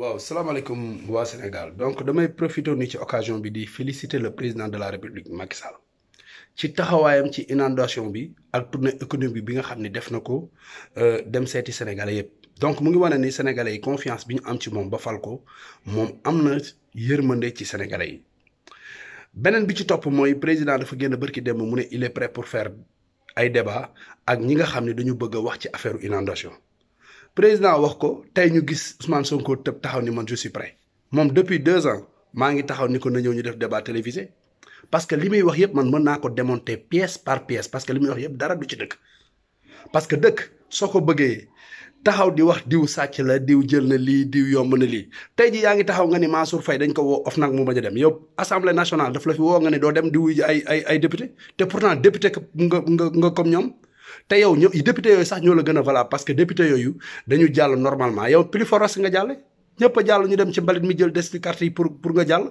waaw salaamaaleykum waa Sénégal donc damay profité ni ci occasion bi di féliciter le président de la République Macky Sall ci taxawaayam ci inondation bi ak tournée économique bi nga xam ne def na ko euh, dem seeti sénégalais yëpp. donc mu ngi wane ni sénégalais yi confiance bi ñu am ci moom ba fal ko moom am na yërmande ci sénégalais yi beneen bi ci topp mooy président dafa génn bërki démb mu ne il est prêt pour fair ay débat ak ñi nga xam ne dañu bëgg a wax ci affaire inondation. président wax ko tey ñu gis Ousmane Sonko tëb taxaw ni man je suis prêt moom depuis deux ans maa ngi taxaw ni ko na ñëw ñu def débat télévisé parce que li muy wax yëpp man mën naa ko démonter pièce par pièce parce que li muy wax yëpp dara du ci dëkk parce que dëkk soo ko bëggee taxaw di wax diw sàcc la diw jël na lii diw yomb na lii tey ji yaa ngi taxaw nga ni Mansour Faye dañ ko woo of nag mu bañ a dem yow assemblée nationale daf la fi woo nga ne doo dem di wuy ji ay ay ay député te pourtant député comme ñoom te yow ñoo député yooyu sax ñoo la gën a valable parce que député yooyu dañu jàll normalement yow plus foros nga jàlle ñëpp a jàll ñu dem ci mbalit mi jël des ci carte yi pour pour nga jàll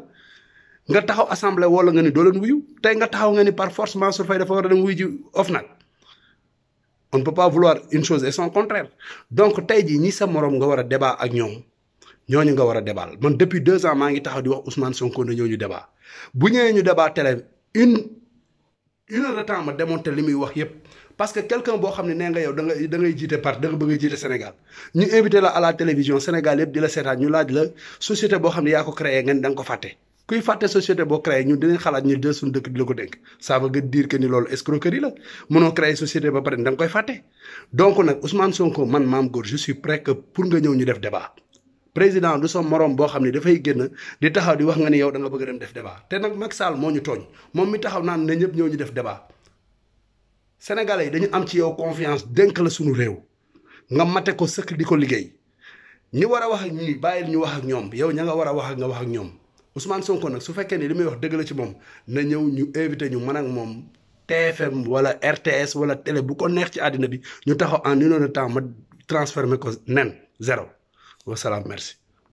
nga taxaw assemblée wala nga ni doo leen wuyu tey nga taxaw nga ni par forcement Mansour Faye dafa war a dem wuyu ji OFNAC on ne peut pas vouloir une chose et son contraire donc tey jii ñi sa moroom nga war a debaa ak ñoom ñooñu nga war a débaal man depuis deux ans maa ngi taxaw di wax Ousmane Sonko na ñëw ñu débat bu ñëwee ñu débat télé une une heure de temps ma démonter li muy wax yépp parce que quelqu'un boo xam ne nee nga yow da nga da ngay jiite part da nga bëgg a jiite Sénégal ñu invité la à la télévision Sénégal yëpp di la seetaan ñu laaj la société boo xam ne yaa ko créé ngeen da nga ko fàtte kuy fàtte société boo créé ñun dinañ xalaat ñu jël suñu dëkk di la ko dénk ça veut dire que ni loolu escroquerie la mënoo créer société ba pare da nga koy fàtte donc nag Ousmane Sonko man Mame Gor pour nga ñëw ñu def débat président du sa moroom boo xam ne dafay génn di taxaw di wax nga ni yow da bëgg a dem def débat te nag Macky saal moo ñu tooñ moom mi taxaw naan na ñëpp ñoo ñu def débat yi dañu am ci yow confiance dénk la suñu réew nga mate ko sëkk di ko liggéey ñi war a wax bàyyil ñu wax ak ñoom yow ña nga war a wax ak nga wax ak ñoom Ousmane Sonko nag su fekkee ni li wax dëgg ci moom na ñëw ñu invité ñu mën ak moom TFM wala RTS wala télé bu ko neex ci àddina bi ñu taxaw en une heure temps ma transformé ko nen zéro wasalaam merci